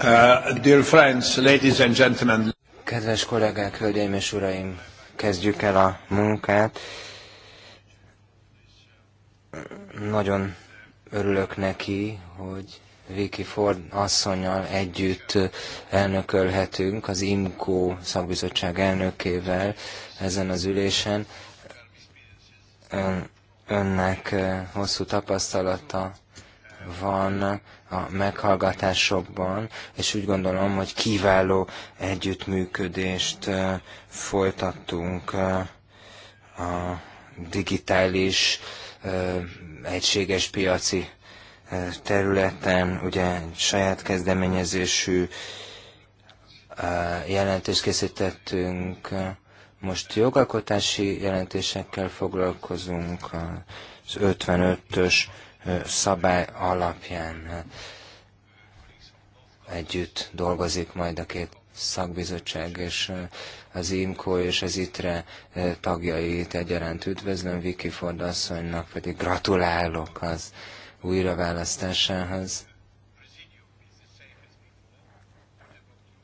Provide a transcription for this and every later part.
Uh, dear friends, ladies and gentlemen. Kedves kollégák, hölgyeim és uraim, kezdjük el a munkát. Nagyon örülök neki, hogy Vicky Ford asszonyal együtt elnökölhetünk az IMCO szakbizottság elnökével ezen az ülésen. Ön, önnek eh, hosszú tapasztalata van a meghallgatásokban, és úgy gondolom, hogy kiváló együttműködést folytattunk a digitális egységes piaci területen, ugye saját kezdeményezésű jelentést készítettünk, most jogalkotási jelentésekkel foglalkozunk, az 55-ös szabály alapján együtt dolgozik majd a két szakbizottság és az IMKO és az ITRE tagjait egyaránt üdvözlöm, Viki Ford asszonynak pedig gratulálok az újraválasztásához.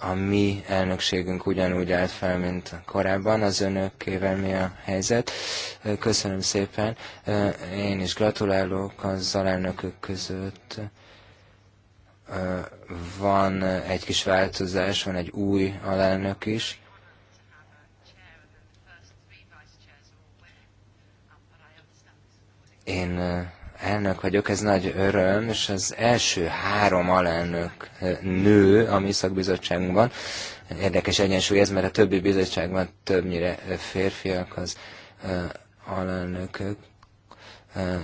a mi elnökségünk ugyanúgy állt fel, mint korábban, az önökével mi a helyzet. Köszönöm szépen. Én is gratulálok az alelnökök között. Van egy kis változás, van egy új alelnök is. Én elnök vagyok, ez nagy öröm, és az első három alelnök nő a mi szakbizottságunkban. Érdekes egyensúly ez, mert a többi bizottságban többnyire férfiak az alelnökök.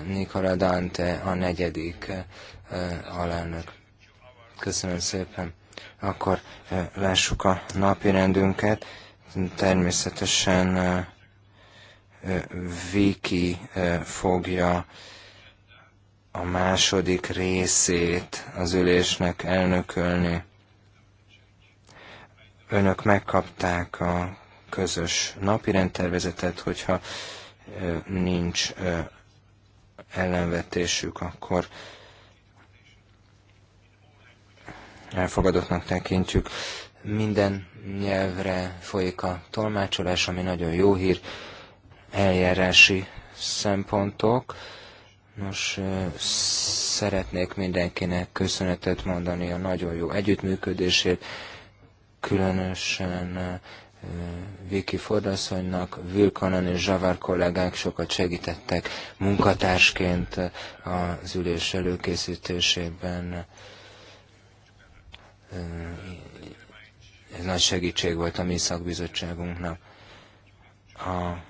Nikola Dante a negyedik alelnök. Köszönöm szépen. Akkor lássuk a napi rendünket. Természetesen Viki fogja a második részét az ülésnek elnökölni. Önök megkapták a közös napi rendtervezetet, hogyha nincs ellenvetésük, akkor elfogadottnak tekintjük. Minden nyelvre folyik a tolmácsolás, ami nagyon jó hír, eljárási szempontok. Nos, szeretnék mindenkinek köszönetet mondani a nagyon jó együttműködésért, különösen Viki Fordaszonynak, Vilkanan és Zsavár kollégák sokat segítettek munkatársként az ülés előkészítésében. Ez nagy segítség volt a mi szakbizottságunknak. A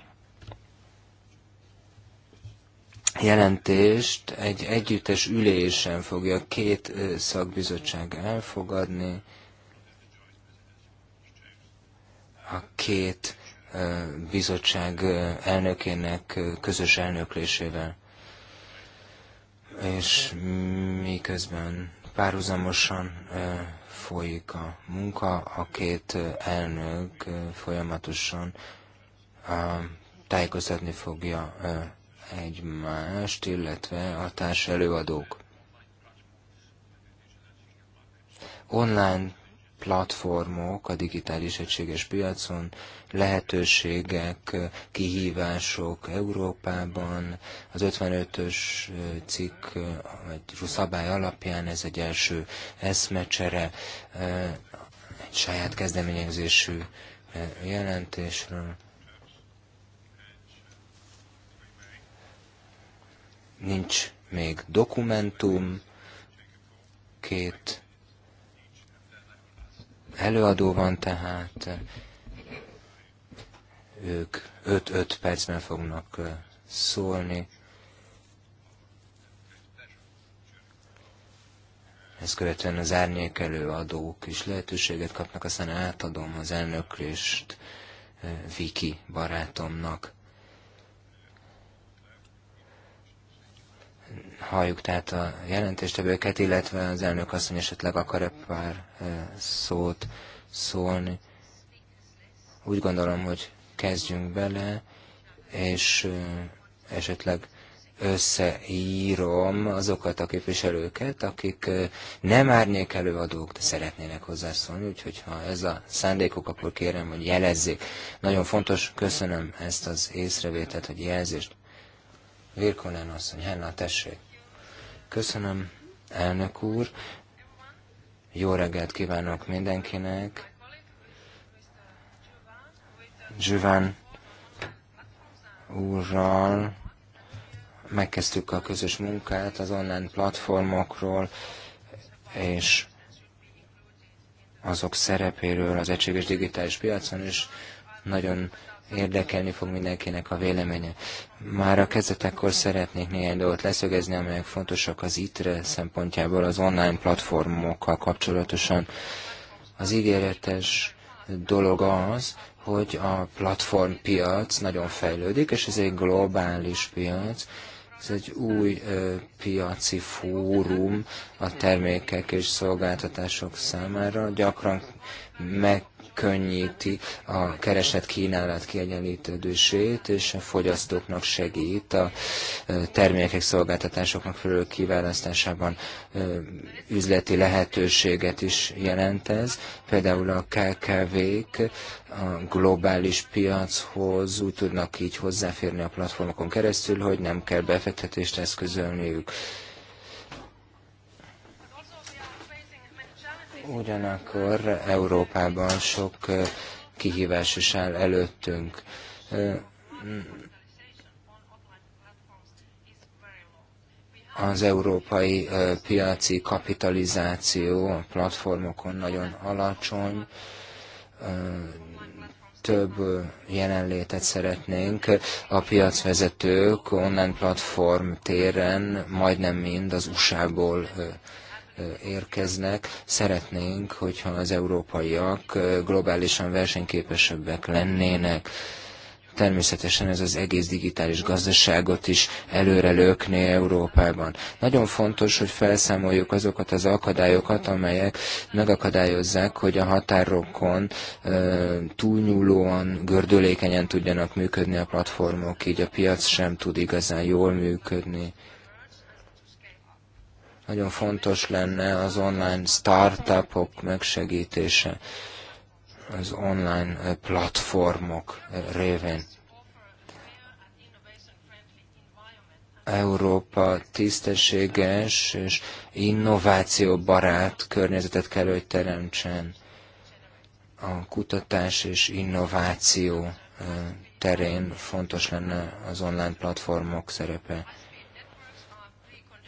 jelentést egy együttes ülésen fogja két szakbizottság elfogadni. A két bizottság elnökének közös elnöklésével. És miközben párhuzamosan folyik a munka, a két elnök folyamatosan tájékoztatni fogja egymást, illetve a társ előadók. Online platformok a digitális egységes piacon, lehetőségek, kihívások Európában. Az 55-ös cikk vagy szabály alapján ez egy első eszmecsere, egy saját kezdeményezésű jelentésről. nincs még dokumentum, két előadó van tehát, ők 5-5 percben fognak szólni. Ezt követően az árnyék előadók is lehetőséget kapnak, aztán átadom az elnöklést Viki barátomnak. halljuk tehát a jelentéstevőket, illetve az elnök asszony esetleg akar egy pár szót szólni. Úgy gondolom, hogy kezdjünk bele, és esetleg összeírom azokat a képviselőket, akik nem árnyék előadók, de szeretnének hozzászólni, úgyhogy ha ez a szándékok, akkor kérem, hogy jelezzék. Nagyon fontos, köszönöm ezt az észrevételt, hogy jelzést. Virkonen asszony, Henna, tessék. Köszönöm, elnök úr. Jó reggelt kívánok mindenkinek. Zsüven úrral megkezdtük a közös munkát az online platformokról, és azok szerepéről az egységes digitális piacon, is nagyon érdekelni fog mindenkinek a véleménye. Már a kezdetekkor szeretnék néhány dolgot leszögezni, amelyek fontosak az ITRE szempontjából az online platformokkal kapcsolatosan. Az ígéretes dolog az, hogy a platform piac nagyon fejlődik, és ez egy globális piac, ez egy új ö, piaci fórum a termékek és szolgáltatások számára. Gyakran meg megkönnyíti a kereslet kínálat kiegyenlítődését, és a fogyasztóknak segít a termékek, szolgáltatásoknak felül kiválasztásában üzleti lehetőséget is jelent ez. Például a KKV-k a globális piachoz úgy tudnak így hozzáférni a platformokon keresztül, hogy nem kell befektetést eszközölniük. Ugyanakkor Európában sok kihívás is áll előttünk. Az európai piaci kapitalizáció a platformokon nagyon alacsony, több jelenlétet szeretnénk. A piacvezetők online platform téren majdnem mind az USA-ból érkeznek. Szeretnénk, hogyha az európaiak globálisan versenyképesebbek lennének. Természetesen ez az egész digitális gazdaságot is lökné Európában. Nagyon fontos, hogy felszámoljuk azokat az akadályokat, amelyek megakadályozzák, hogy a határokon e, túlnyúlóan, gördülékenyen tudjanak működni a platformok, így a piac sem tud igazán jól működni. Nagyon fontos lenne az online startupok megsegítése az online platformok révén. Európa tisztességes és innovációbarát környezetet kell, hogy teremtsen a kutatás és innováció terén fontos lenne az online platformok szerepe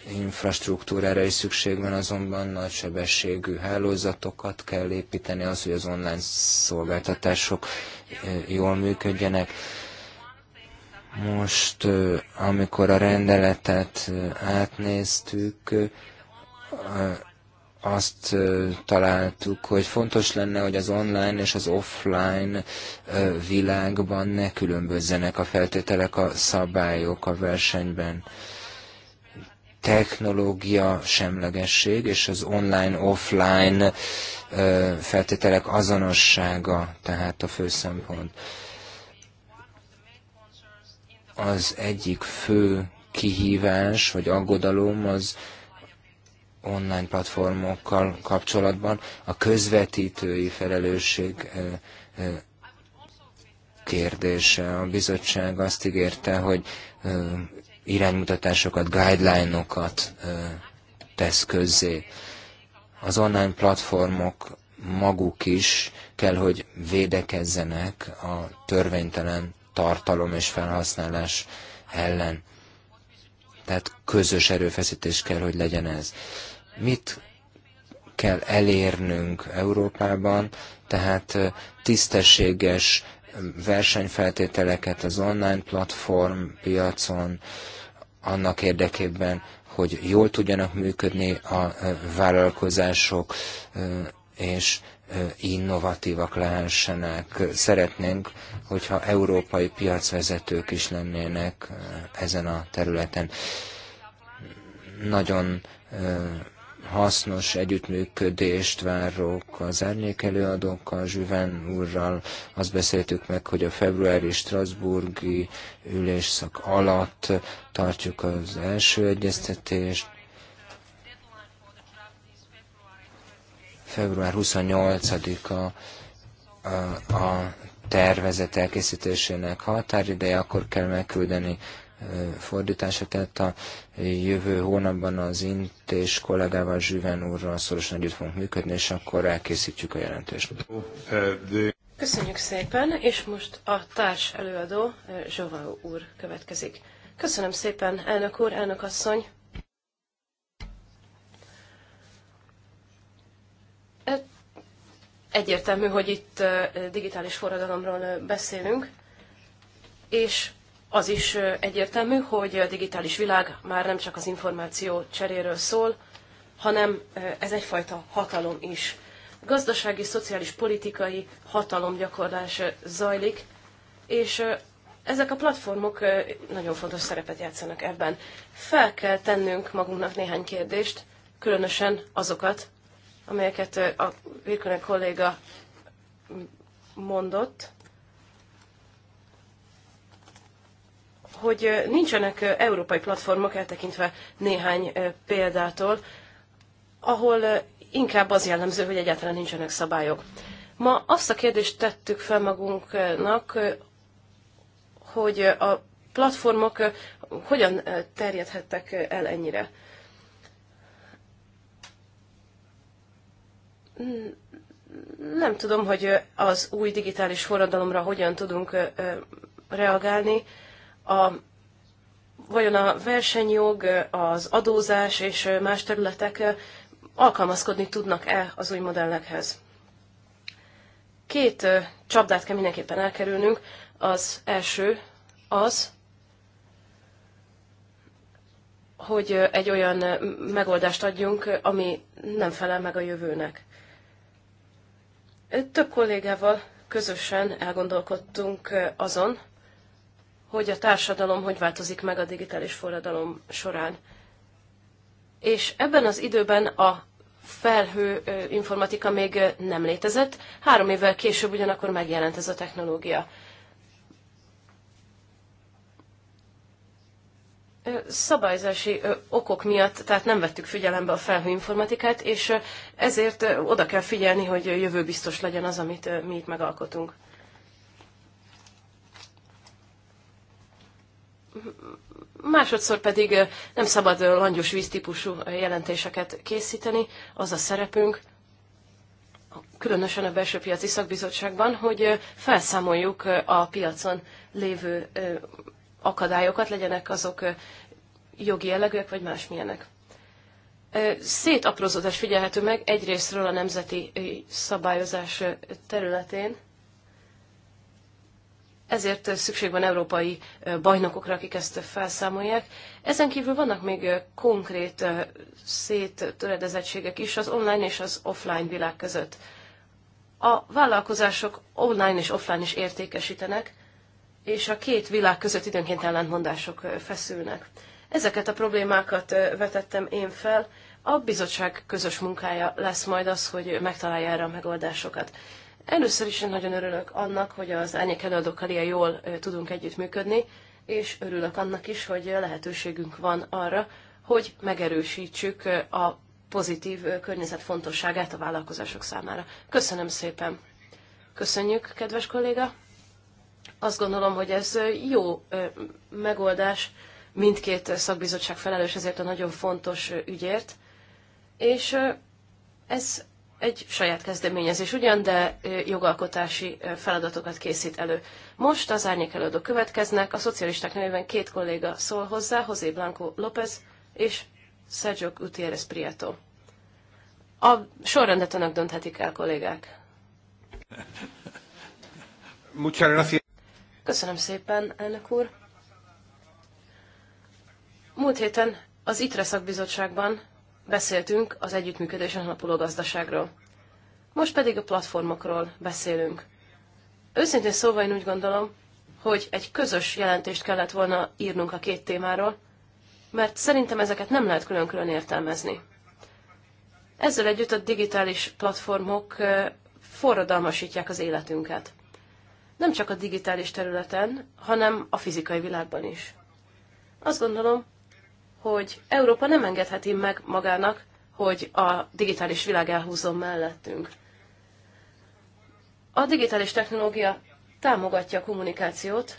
infrastruktúrára is szükség van, azonban nagy sebességű hálózatokat kell építeni, az, hogy az online szolgáltatások eh, jól működjenek. Most, eh, amikor a rendeletet eh, átnéztük, azt találtuk, hogy fontos lenne, hogy az online és az offline világban ne különbözzenek a feltételek, a szabályok a versenyben technológia semlegesség és az online-offline feltételek azonossága, tehát a fő szempont. Az egyik fő kihívás vagy aggodalom az online platformokkal kapcsolatban a közvetítői felelősség kérdése. A bizottság azt ígérte, hogy iránymutatásokat, guideline-okat tesz közzé. Az online platformok maguk is kell, hogy védekezzenek a törvénytelen tartalom és felhasználás ellen. Tehát közös erőfeszítés kell, hogy legyen ez. Mit kell elérnünk Európában, tehát tisztességes versenyfeltételeket az online platform piacon annak érdekében, hogy jól tudjanak működni a e, vállalkozások, e, és e, innovatívak lehessenek. Szeretnénk, hogyha európai piacvezetők is lennének ezen a területen. Nagyon hasznos együttműködést várok az árnyékelőadókkal, Zsüven úrral. Azt beszéltük meg, hogy a februári Strasburgi ülésszak alatt tartjuk az első egyeztetést. Február 28-a a, tervezet elkészítésének határideje, akkor kell megküldeni fordítása, tehát a jövő hónapban az Int és kollégával Zsüven úrral szorosan együtt fogunk működni, és akkor elkészítjük a jelentést. Köszönjük szépen, és most a társ előadó Zsova úr következik. Köszönöm szépen, elnök úr, elnök asszony. Egyértelmű, hogy itt digitális forradalomról beszélünk, és az is egyértelmű, hogy a digitális világ már nem csak az információ cseréről szól, hanem ez egyfajta hatalom is. Gazdasági, szociális, politikai hatalomgyakorlás zajlik, és ezek a platformok nagyon fontos szerepet játszanak ebben. Fel kell tennünk magunknak néhány kérdést, különösen azokat, amelyeket a Virkönek kolléga mondott, hogy nincsenek európai platformok, eltekintve néhány példától, ahol inkább az jellemző, hogy egyáltalán nincsenek szabályok. Ma azt a kérdést tettük fel magunknak, hogy a platformok hogyan terjedhettek el ennyire. Nem tudom, hogy az új digitális forradalomra hogyan tudunk reagálni, a, vajon a versenyjog, az adózás és más területek alkalmazkodni tudnak-e az új modellekhez. Két csapdát kell mindenképpen elkerülnünk. Az első az, hogy egy olyan megoldást adjunk, ami nem felel meg a jövőnek. Több kollégával közösen elgondolkodtunk azon, hogy a társadalom hogy változik meg a digitális forradalom során. És ebben az időben a felhő informatika még nem létezett, három évvel később ugyanakkor megjelent ez a technológia. Szabályzási okok miatt, tehát nem vettük figyelembe a felhőinformatikát, és ezért oda kell figyelni, hogy jövőbiztos legyen az, amit mi itt megalkotunk. másodszor pedig nem szabad langyos víztípusú jelentéseket készíteni, az a szerepünk, különösen a belső piaci szakbizottságban, hogy felszámoljuk a piacon lévő akadályokat, legyenek azok jogi jellegűek, vagy másmilyenek. Szétaprózódás figyelhető meg egyrésztről a nemzeti szabályozás területén, ezért szükség van európai bajnokokra, akik ezt felszámolják. Ezen kívül vannak még konkrét széttöredezettségek is az online és az offline világ között. A vállalkozások online és offline is értékesítenek, és a két világ között időnként ellentmondások feszülnek. Ezeket a problémákat vetettem én fel, a bizottság közös munkája lesz majd az, hogy megtalálja erre a megoldásokat. Először is nagyon örülök annak, hogy az árnyék előadókkal ilyen jól tudunk együttműködni, és örülök annak is, hogy lehetőségünk van arra, hogy megerősítsük a pozitív környezet fontosságát a vállalkozások számára. Köszönöm szépen! Köszönjük, kedves kolléga! Azt gondolom, hogy ez jó megoldás, mindkét szakbizottság felelős ezért a nagyon fontos ügyért, és ez egy saját kezdeményezés ugyan, de jogalkotási feladatokat készít elő. Most az árnyék előadók következnek, a szocialisták nevében két kolléga szól hozzá, José Blanco López és Sergio Gutiérrez Prieto. A sorrendet önök dönthetik el, kollégák. Köszönöm szépen, elnök úr. Múlt héten az ITRE szakbizottságban beszéltünk az együttműködésen alapuló gazdaságról. Most pedig a platformokról beszélünk. Őszintén szóval én úgy gondolom, hogy egy közös jelentést kellett volna írnunk a két témáról, mert szerintem ezeket nem lehet külön-külön értelmezni. Ezzel együtt a digitális platformok forradalmasítják az életünket. Nem csak a digitális területen, hanem a fizikai világban is. Azt gondolom, hogy Európa nem engedheti meg magának, hogy a digitális világ elhúzzon mellettünk. A digitális technológia támogatja a kommunikációt,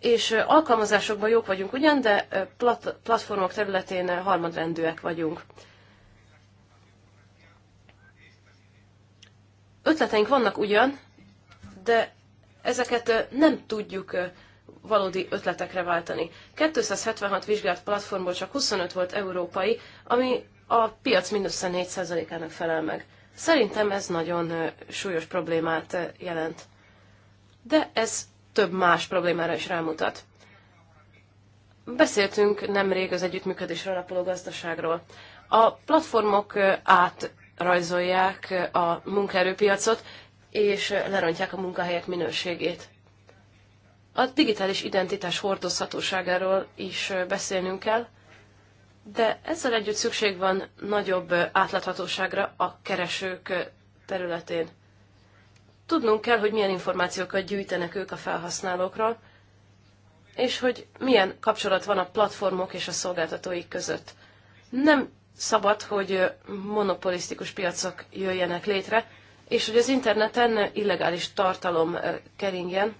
és alkalmazásokban jók vagyunk ugyan, de plat- platformok területén harmadrendűek vagyunk. Ötleteink vannak ugyan, de ezeket nem tudjuk valódi ötletekre váltani. 276 vizsgált platformból csak 25 volt európai, ami a piac mindössze 4%-ának felel meg. Szerintem ez nagyon súlyos problémát jelent. De ez több más problémára is rámutat. Beszéltünk nemrég az együttműködésre alapuló gazdaságról. A platformok átrajzolják a munkaerőpiacot, és lerontják a munkahelyek minőségét. A digitális identitás hordozhatóságáról is beszélnünk kell, de ezzel együtt szükség van nagyobb átláthatóságra a keresők területén. Tudnunk kell, hogy milyen információkat gyűjtenek ők a felhasználókról, és hogy milyen kapcsolat van a platformok és a szolgáltatóik között. Nem szabad, hogy monopolisztikus piacok jöjjenek létre, és hogy az interneten illegális tartalom keringjen,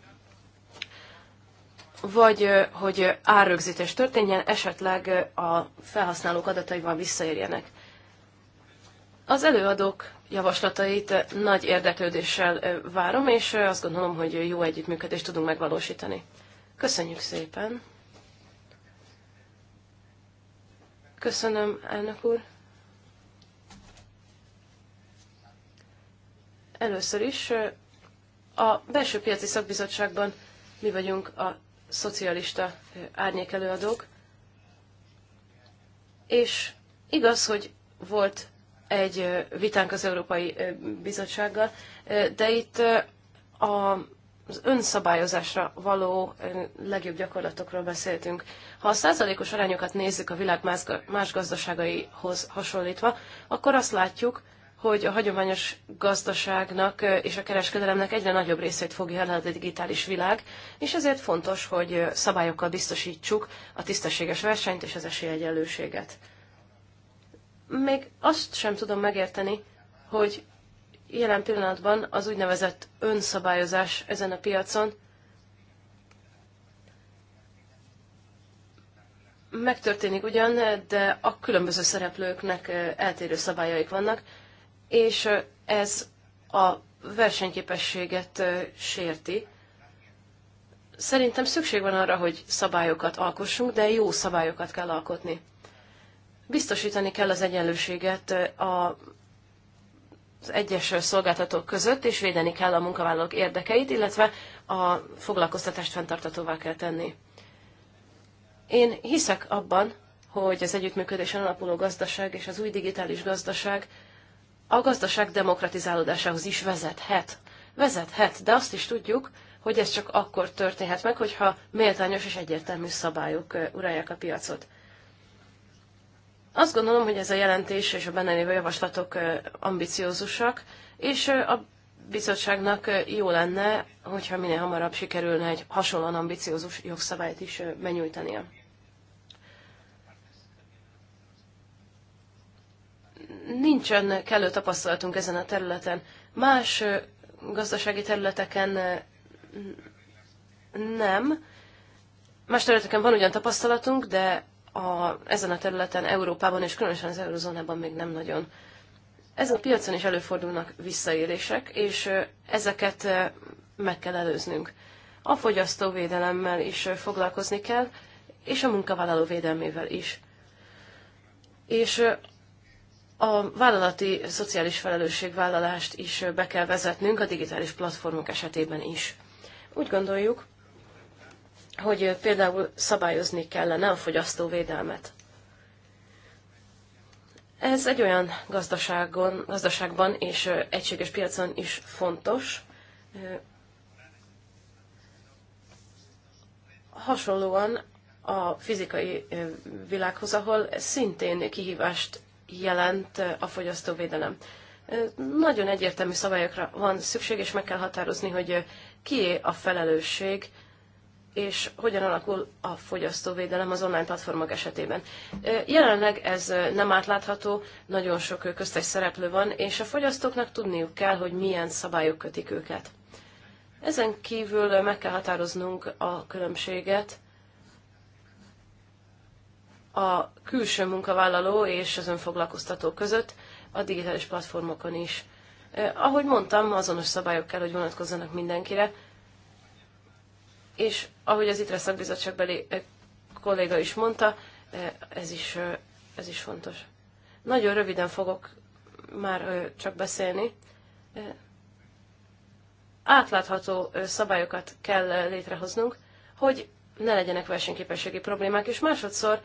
vagy hogy árrögzítés történjen, esetleg a felhasználók adataival visszaérjenek. Az előadók javaslatait nagy érdeklődéssel várom, és azt gondolom, hogy jó együttműködést tudunk megvalósítani. Köszönjük szépen! Köszönöm, elnök úr! Először is a belső piaci szakbizottságban mi vagyunk a szocialista árnyékelőadók, és igaz, hogy volt egy vitánk az Európai Bizottsággal, de itt az önszabályozásra való legjobb gyakorlatokról beszéltünk. Ha a százalékos arányokat nézzük a világ más gazdaságaihoz hasonlítva, akkor azt látjuk, hogy a hagyományos gazdaságnak és a kereskedelemnek egyre nagyobb részét fogja el a digitális világ, és ezért fontos, hogy szabályokkal biztosítsuk a tisztességes versenyt és az esélyegyenlőséget. Még azt sem tudom megérteni, hogy jelen pillanatban az úgynevezett önszabályozás ezen a piacon megtörténik ugyan, de a különböző szereplőknek eltérő szabályaik vannak, és ez a versenyképességet sérti. Szerintem szükség van arra, hogy szabályokat alkossunk, de jó szabályokat kell alkotni. Biztosítani kell az egyenlőséget a az egyes szolgáltatók között, és védeni kell a munkavállalók érdekeit, illetve a foglalkoztatást fenntartatóvá kell tenni. Én hiszek abban, hogy az együttműködésen alapuló gazdaság és az új digitális gazdaság a gazdaság demokratizálódásához is vezethet. Vezethet, de azt is tudjuk, hogy ez csak akkor történhet meg, hogyha méltányos és egyértelmű szabályok uralják a piacot. Azt gondolom, hogy ez a jelentés és a benne lévő javaslatok ambiciózusak, és a bizottságnak jó lenne, hogyha minél hamarabb sikerülne egy hasonlóan ambiciózus jogszabályt is benyújtania. nincsen kellő tapasztalatunk ezen a területen. Más gazdasági területeken nem. Más területeken van ugyan tapasztalatunk, de a, ezen a területen Európában és különösen az eurozónában még nem nagyon. Ezen a piacon is előfordulnak visszaélések, és ezeket meg kell előznünk. A fogyasztóvédelemmel is foglalkozni kell, és a munkavállaló védelmével is. És a vállalati szociális felelősségvállalást is be kell vezetnünk a digitális platformok esetében is. Úgy gondoljuk, hogy például szabályozni kellene a fogyasztóvédelmet. Ez egy olyan gazdaságon, gazdaságban és egységes piacon is fontos. Hasonlóan a fizikai világhoz, ahol szintén kihívást jelent a fogyasztóvédelem. Nagyon egyértelmű szabályokra van szükség, és meg kell határozni, hogy kié a felelősség, és hogyan alakul a fogyasztóvédelem az online platformok esetében. Jelenleg ez nem átlátható, nagyon sok köztes szereplő van, és a fogyasztóknak tudniuk kell, hogy milyen szabályok kötik őket. Ezen kívül meg kell határoznunk a különbséget a külső munkavállaló és az önfoglalkoztató között a digitális platformokon is. Ahogy mondtam, azonos szabályok kell, hogy vonatkozzanak mindenkire, és ahogy az ITRE szakbizottságbeli kolléga is mondta, ez is, ez is fontos. Nagyon röviden fogok már csak beszélni. Átlátható szabályokat kell létrehoznunk, hogy ne legyenek versenyképességi problémák, és másodszor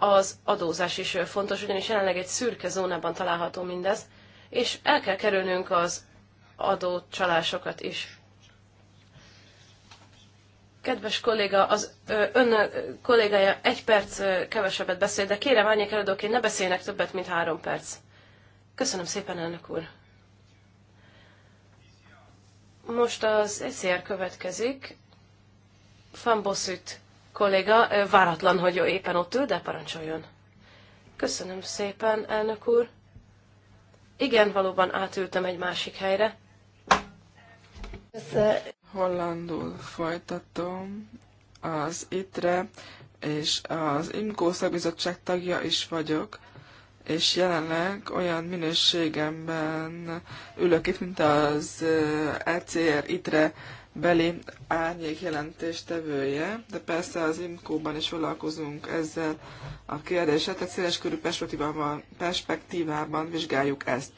az adózás is fontos, ugyanis jelenleg egy szürke zónában található mindez, és el kell kerülnünk az adócsalásokat is. Kedves kolléga, az ön kollégája egy perc kevesebbet beszél, de kérem, árnyék előadóként ne beszélnek többet, mint három perc. Köszönöm szépen, elnök úr. Most az ECR következik. Fambosüt kolléga. Váratlan, hogy ő éppen ott ül, de parancsoljon. Köszönöm szépen, elnök úr. Igen, valóban átültem egy másik helyre. Hollandul folytatom. Az ITRE és az IMCO szakbizottság tagja is vagyok, és jelenleg olyan minőségemben ülök itt, mint az ECR ITRE beli árnyék jelentéstevője, de persze az IMCO-ban is foglalkozunk ezzel a kérdéssel, tehát széleskörű perspektívában, perspektívában vizsgáljuk ezt.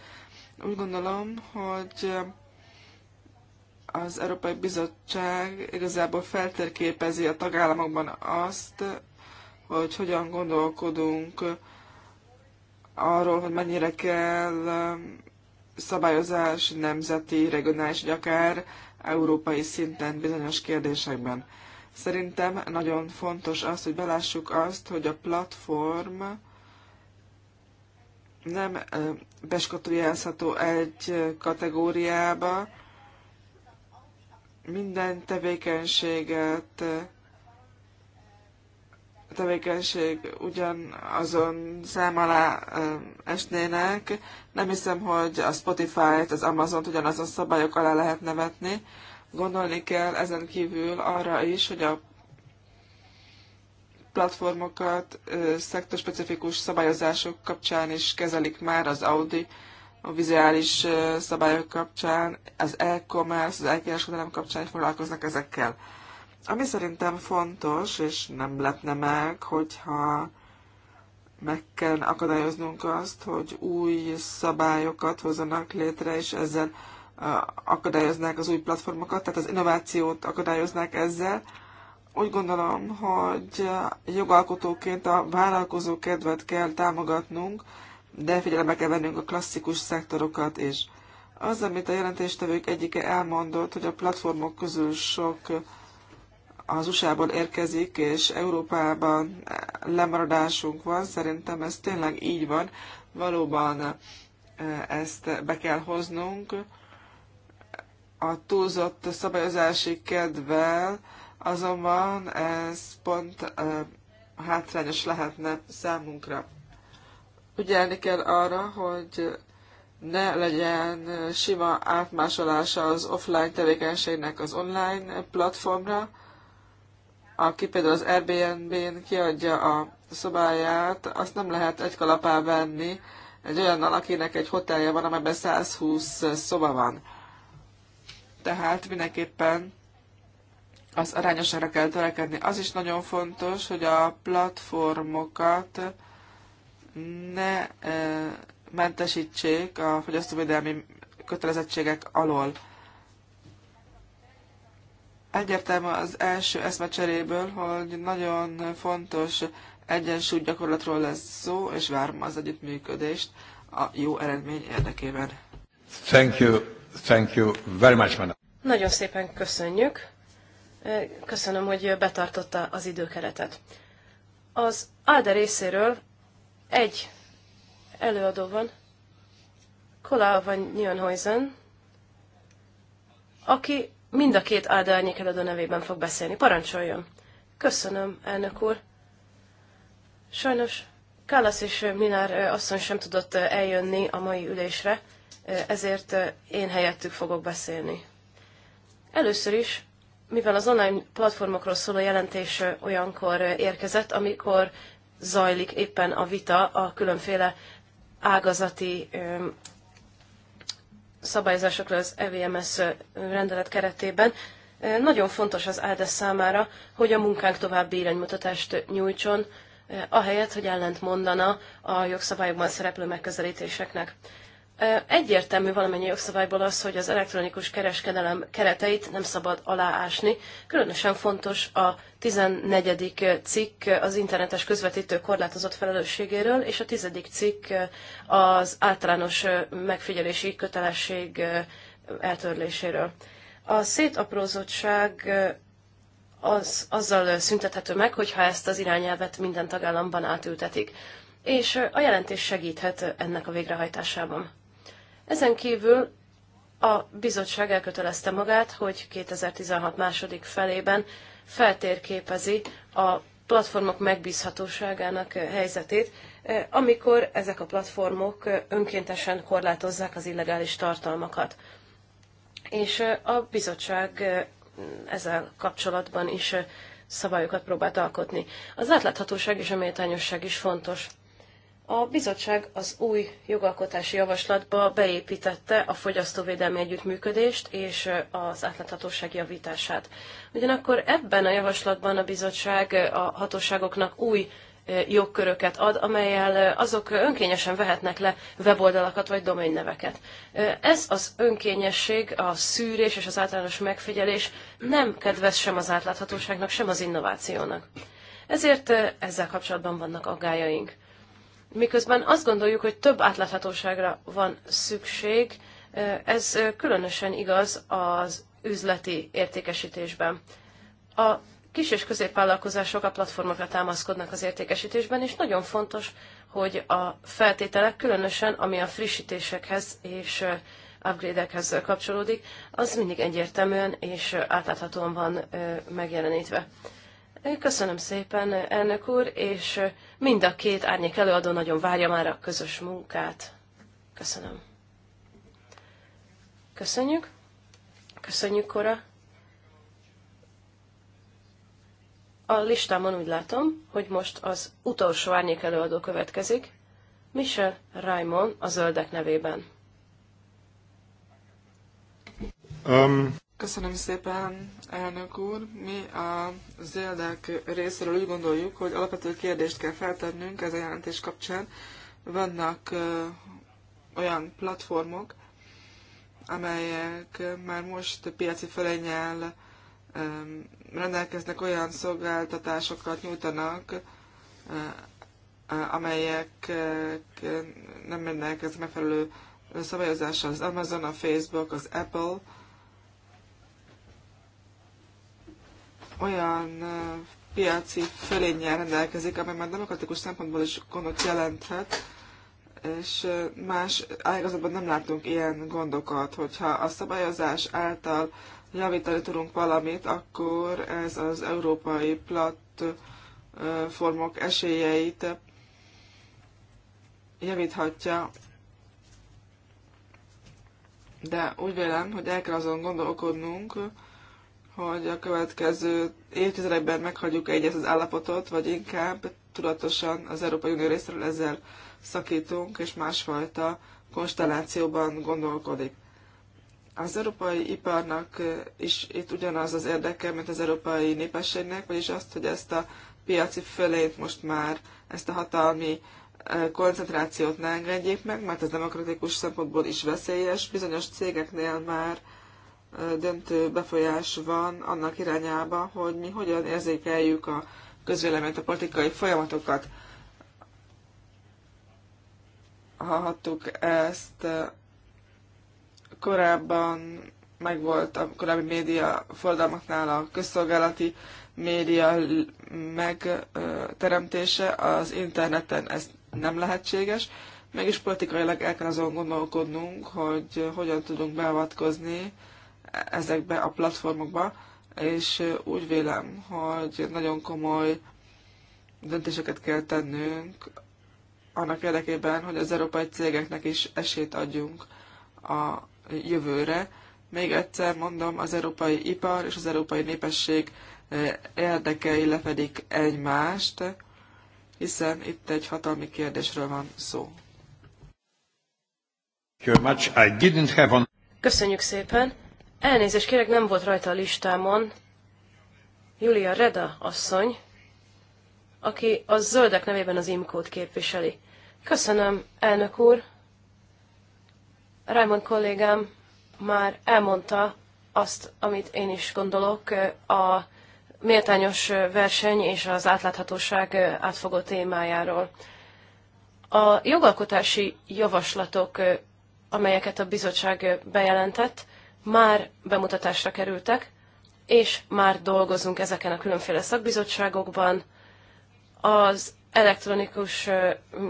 Úgy gondolom, hogy az Európai Bizottság igazából feltérképezi a tagállamokban azt, hogy hogyan gondolkodunk arról, hogy mennyire kell um, szabályozás nemzeti, regionális, vagy akár európai szinten bizonyos kérdésekben. Szerintem nagyon fontos az, hogy belássuk azt, hogy a platform nem beskatujázható egy kategóriába, minden tevékenységet tevékenység azon szám alá esnének. Nem hiszem, hogy a Spotify-t, az Amazon-t ugyanazon szabályok alá lehet nevetni. Gondolni kell ezen kívül arra is, hogy a platformokat szektorspecifikus szabályozások kapcsán is kezelik már az Audi a vizuális szabályok kapcsán, az e-commerce, az elkereskedelem kapcsán is foglalkoznak ezekkel. Ami szerintem fontos, és nem lepne meg, hogyha meg kell akadályoznunk azt, hogy új szabályokat hozzanak létre, és ezzel akadályoznák az új platformokat, tehát az innovációt akadályoznák ezzel. Úgy gondolom, hogy jogalkotóként a vállalkozó kedvet kell támogatnunk, de figyelembe kell vennünk a klasszikus szektorokat is. Az, amit a jelentéstevők egyike elmondott, hogy a platformok közül sok az USA-ból érkezik, és Európában lemaradásunk van, szerintem ez tényleg így van, valóban e, ezt be kell hoznunk. A túlzott szabályozási kedvel azonban ez pont e, hátrányos lehetne számunkra. Ügyelni kell arra, hogy ne legyen sima átmásolása az offline tevékenységnek az online platformra, aki például az Airbnb-n kiadja a szobáját, azt nem lehet egy kalapá venni egy olyannal, akinek egy hotelje van, amelyben 120 szoba van. Tehát mindenképpen az arányosára kell törekedni. Az is nagyon fontos, hogy a platformokat ne e, mentesítsék a fogyasztóvédelmi kötelezettségek alól. Egyértelmű az első eszmecseréből, hogy nagyon fontos egyensúly gyakorlatról lesz szó, és várom az együttműködést a jó eredmény érdekében. Thank you, thank you very much, madam. Nagyon szépen köszönjük. Köszönöm, hogy betartotta az időkeretet. Az ALDE részéről egy előadó van, Kola van Nyönhoizen, aki mind a két Áda Árnyékeladó nevében fog beszélni. Parancsoljon! Köszönöm, elnök úr! Sajnos Kálasz és Minár asszony sem tudott eljönni a mai ülésre, ezért én helyettük fogok beszélni. Először is, mivel az online platformokról szóló jelentés olyankor érkezett, amikor zajlik éppen a vita a különféle ágazati szabályozásokra az EVMS rendelet keretében, nagyon fontos az ÁDE számára, hogy a munkánk további iránymutatást nyújtson, eh, ahelyett, hogy ellent mondana a jogszabályokban szereplő megközelítéseknek. Egyértelmű valamennyi jogszabályból az, hogy az elektronikus kereskedelem kereteit nem szabad aláásni. Különösen fontos a 14. cikk az internetes közvetítő korlátozott felelősségéről, és a 10. cikk az általános megfigyelési kötelesség eltörléséről. A szétaprózottság az, azzal szüntethető meg, hogyha ezt az irányelvet minden tagállamban átültetik és a jelentés segíthet ennek a végrehajtásában. Ezen kívül a bizottság elkötelezte magát, hogy 2016 második felében feltérképezi a platformok megbízhatóságának helyzetét, eh, amikor ezek a platformok eh, önkéntesen korlátozzák az illegális tartalmakat. És eh, a bizottság ezzel kapcsolatban is szabályokat próbált alkotni. Az átláthatóság és a méltányosság is fontos. A bizottság az új jogalkotási javaslatba beépítette a fogyasztóvédelmi együttműködést és az átláthatóság javítását. Ugyanakkor ebben a javaslatban a bizottság a hatóságoknak új jogköröket ad, amelyel azok önkényesen vehetnek le weboldalakat vagy doménneveket. Ez az önkényesség, a szűrés és az általános megfigyelés nem kedvez sem az átláthatóságnak, sem az innovációnak. Ezért ezzel kapcsolatban vannak aggájaink miközben azt gondoljuk, hogy több átláthatóságra van szükség. Ez különösen igaz az üzleti értékesítésben. A kis és középvállalkozások a platformokra támaszkodnak az értékesítésben, és nagyon fontos, hogy a feltételek, különösen ami a frissítésekhez és upgrade-ekhez kapcsolódik, az mindig egyértelműen és átláthatóan van megjelenítve. Köszönöm szépen, elnök úr, és mind a két árnyék előadó nagyon várja már a közös munkát. Köszönöm. Köszönjük. Köszönjük, Kora. A listámon úgy látom, hogy most az utolsó árnyék előadó következik, Michel Raimon a zöldek nevében. Um. Köszönöm szépen, elnök úr. Mi a zöldek részéről úgy gondoljuk, hogy alapvető kérdést kell feltennünk ez a jelentés kapcsán. Vannak ö, olyan platformok, amelyek már most piaci fölényel rendelkeznek, olyan szolgáltatásokat nyújtanak, amelyek nem rendelkeznek megfelelő szabályozással. Az Amazon, a Facebook, az Apple, olyan piaci fölénnyel rendelkezik, amely már demokratikus szempontból is gondot jelenthet, és más ágazatban nem látunk ilyen gondokat, hogyha a szabályozás által javítani tudunk valamit, akkor ez az európai platformok esélyeit javíthatja. De úgy vélem, hogy el kell azon gondolkodnunk, hogy a következő évtizedekben meghagyjuk egy ezt az állapotot, vagy inkább tudatosan az Európai Unió részéről ezzel szakítunk, és másfajta konstellációban gondolkodik. Az európai iparnak is itt ugyanaz az érdeke, mint az európai népességnek, vagyis azt, hogy ezt a piaci fölényt most már, ezt a hatalmi koncentrációt ne engedjék meg, mert ez demokratikus szempontból is veszélyes. Bizonyos cégeknél már döntő befolyás van annak irányába, hogy mi hogyan érzékeljük a közvéleményt, a politikai folyamatokat. Hallhattuk ezt eh, korábban, meg volt a korábbi média forradalmaknál a közszolgálati média megteremtése, az interneten ez nem lehetséges. Mégis politikailag el kell azon gondolkodnunk, hogy hogyan tudunk beavatkozni ezekbe a platformokba, és úgy vélem, hogy nagyon komoly döntéseket kell tennünk annak érdekében, hogy az európai cégeknek is esélyt adjunk a jövőre. Még egyszer mondom, az európai ipar és az európai népesség eh, érdekei lefedik egymást, hiszen itt egy hatalmi kérdésről van szó. Köszönjük szépen! Elnézést kérek, nem volt rajta a listámon. Julia Reda asszony, aki a zöldek nevében az imkót képviseli. Köszönöm, elnök úr. Raymond kollégám már elmondta azt, amit én is gondolok, a méltányos verseny és az átláthatóság átfogó témájáról. A jogalkotási javaslatok, amelyeket a bizottság bejelentett, már bemutatásra kerültek, és már dolgozunk ezeken a különféle szakbizottságokban. Az elektronikus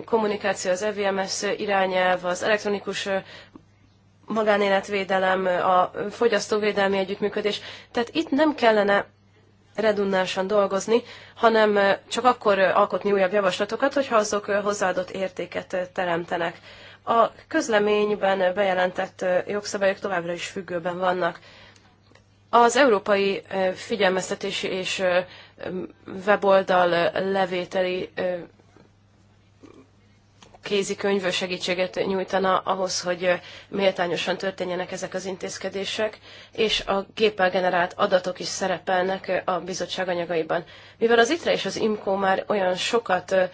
kommunikáció, az EVMS irányelv, az elektronikus magánéletvédelem, a fogyasztóvédelmi együttműködés. Tehát itt nem kellene redundánsan dolgozni, hanem csak akkor alkotni újabb javaslatokat, hogyha azok hozzáadott értéket teremtenek. A közleményben bejelentett jogszabályok továbbra is függőben vannak. Az európai figyelmeztetési és weboldal levételi kézikönyvő segítséget nyújtana ahhoz, hogy méltányosan történjenek ezek az intézkedések, és a géppel generált adatok is szerepelnek a bizottság anyagaiban. Mivel az ITRE és az IMCO már olyan sokat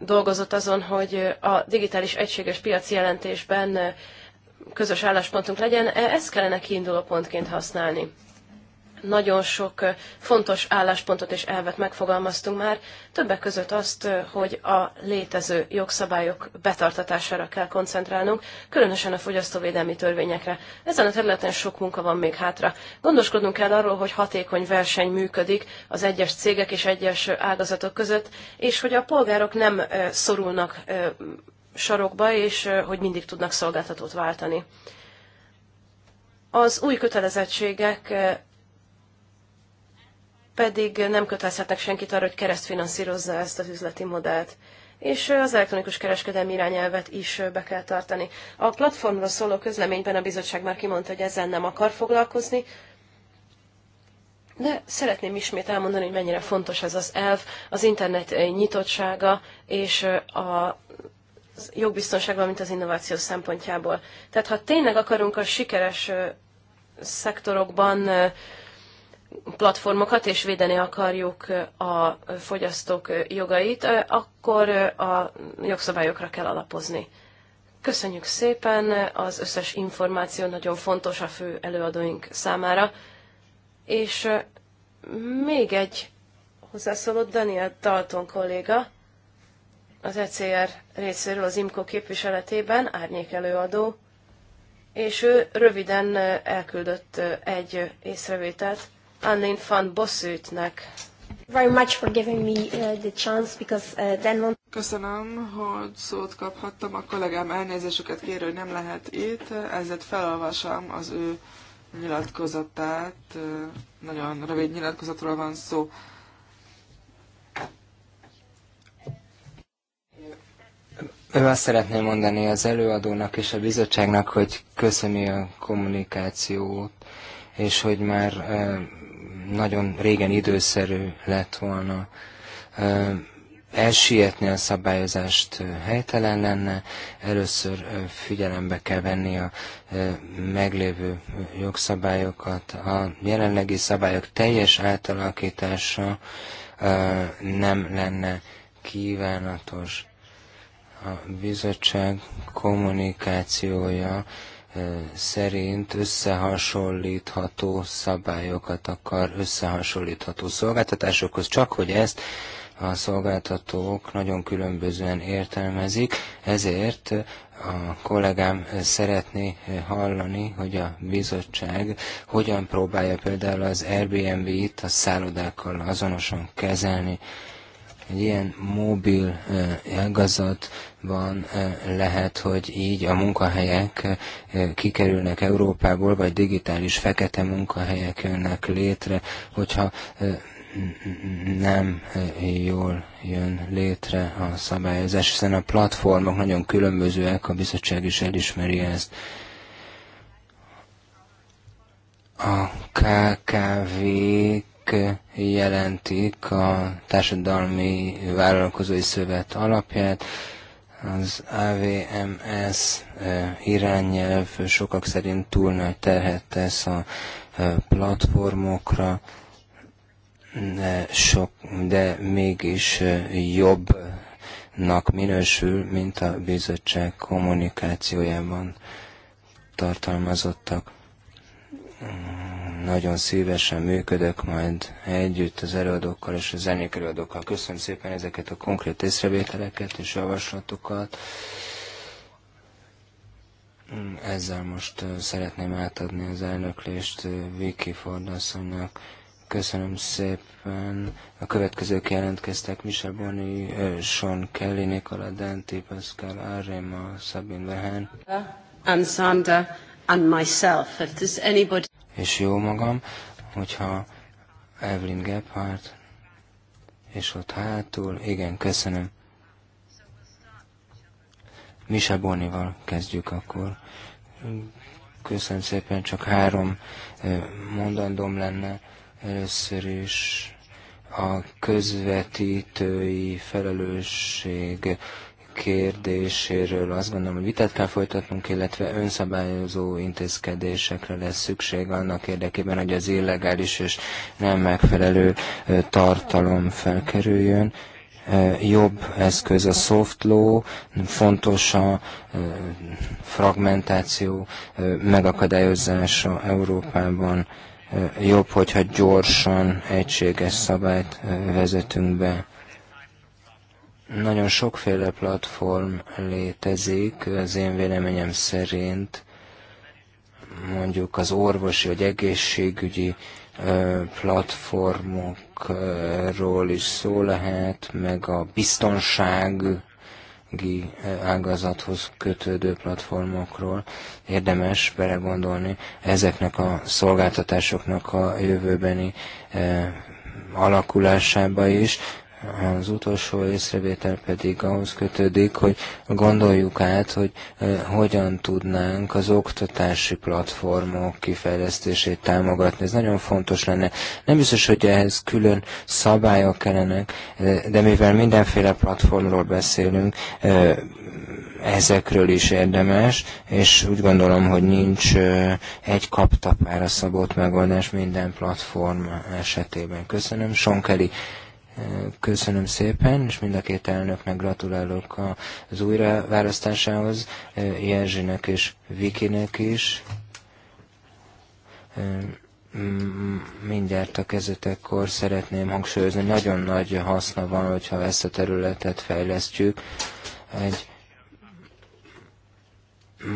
dolgozott azon, hogy a digitális egységes piaci jelentésben eh, közös álláspontunk legyen, e, ezt kellene kiinduló pontként használni nagyon sok fontos álláspontot és elvet megfogalmaztunk már, többek között azt, hogy a létező jogszabályok betartatására kell koncentrálnunk, különösen a fogyasztóvédelmi törvényekre. Ezen a területen sok munka van még hátra. Gondoskodnunk kell arról, hogy hatékony verseny működik az egyes cégek és egyes ágazatok között, és hogy a polgárok nem szorulnak sarokba, és hogy mindig tudnak szolgáltatót váltani. Az új kötelezettségek pedig nem kötelezhetnek senkit arra, hogy keresztfinanszírozza ezt az üzleti modellt. És az elektronikus kereskedelmi irányelvet is be kell tartani. A platformról szóló közleményben a bizottság már kimondta, hogy ezzel nem akar foglalkozni, de szeretném ismét elmondani, hogy mennyire fontos ez az elv, az internet nyitottsága és a jogbiztonság, valamint az innováció szempontjából. Tehát ha tényleg akarunk a sikeres szektorokban platformokat, és védeni akarjuk a fogyasztók jogait, akkor a jogszabályokra kell alapozni. Köszönjük szépen, az összes információ nagyon fontos a fő előadóink számára. És még egy hozzászólott Daniel Dalton kolléga, az ECR részéről az IMCO képviseletében, árnyék előadó, és ő röviden elküldött egy észrevételt Annin van Bosszűtnek. Very much for giving me uh, the chance because uh, then on... Köszönöm, hogy szót kaphattam. A kollégám elnézésüket kérő, hogy nem lehet itt, ezért felolvasom az ő nyilatkozatát. Nagyon rövid nyilatkozatról van szó. Ő azt szeretné mondani az előadónak és a bizottságnak, hogy köszöni a kommunikációt, és hogy már nagyon régen időszerű lett volna elsietni a szabályozást helytelen lenne, először figyelembe kell venni a meglévő jogszabályokat. A jelenlegi szabályok teljes átalakítása nem lenne kívánatos. A bizottság kommunikációja szerint összehasonlítható szabályokat akar összehasonlítható szolgáltatásokhoz, csak hogy ezt a szolgáltatók nagyon különbözően értelmezik, ezért a kollégám szeretné hallani, hogy a bizottság hogyan próbálja például az Airbnb-t a szállodákkal azonosan kezelni egy ilyen mobil ágazatban lehet, hogy így a munkahelyek kikerülnek Európából, vagy digitális fekete munkahelyek jönnek létre, hogyha nem jól jön létre a szabályozás, hiszen a platformok nagyon különbözőek, a bizottság is elismeri ezt. A KKV-k jelentik a Társadalmi Vállalkozói Szövet alapját. Az AVMS irányelv sokak szerint túl nagy terhet tesz a platformokra, de, sok, de mégis jobbnak minősül, mint a bizottság kommunikációjában tartalmazottak. Nagyon szívesen működök majd együtt az előadókkal és a előadókkal. Köszönöm szépen ezeket a konkrét észrevételeket és javaslatokat. Ezzel most szeretném átadni az elnöklést Viki Fordasszonynak. Köszönöm szépen. A következők jelentkeztek Michel Boni, Sean Kelly, Nicola Denti, Pascal Arema, Sabine Verhen. And Sandra and myself. If there's anybody és jó magam, hogyha Evelyn Gephardt, és ott hátul, igen, köszönöm. Mise Bonival kezdjük akkor. Köszönöm szépen, csak három mondandóm lenne. Először is a közvetítői felelősség kérdéséről azt gondolom, hogy vitát kell folytatnunk, illetve önszabályozó intézkedésekre lesz szükség annak érdekében, hogy az illegális és nem megfelelő tartalom felkerüljön jobb eszköz a soft law, fontos a fragmentáció megakadályozása Európában, jobb, hogyha gyorsan egységes szabályt vezetünk be. Nagyon sokféle platform létezik, az én véleményem szerint mondjuk az orvosi vagy egészségügyi platformokról is szó lehet, meg a biztonsági ágazathoz kötődő platformokról. Érdemes belegondolni ezeknek a szolgáltatásoknak a jövőbeni alakulásába is, az utolsó észrevétel pedig ahhoz kötődik, hogy gondoljuk át, hogy hogyan tudnánk az oktatási platformok kifejlesztését támogatni. Ez nagyon fontos lenne. Nem biztos, hogy ehhez külön szabályok kellenek, de mivel mindenféle platformról beszélünk, ezekről is érdemes, és úgy gondolom, hogy nincs egy kaptapára szabott megoldás minden platform esetében. Köszönöm, Sonkeli Köszönöm szépen, és mind a két elnöknek gratulálok az újraválasztásához, Jerzsinek és Vikinek is. Mindjárt a kezetekkor szeretném hangsúlyozni, nagyon nagy haszna van, hogyha ezt a területet fejlesztjük. Egy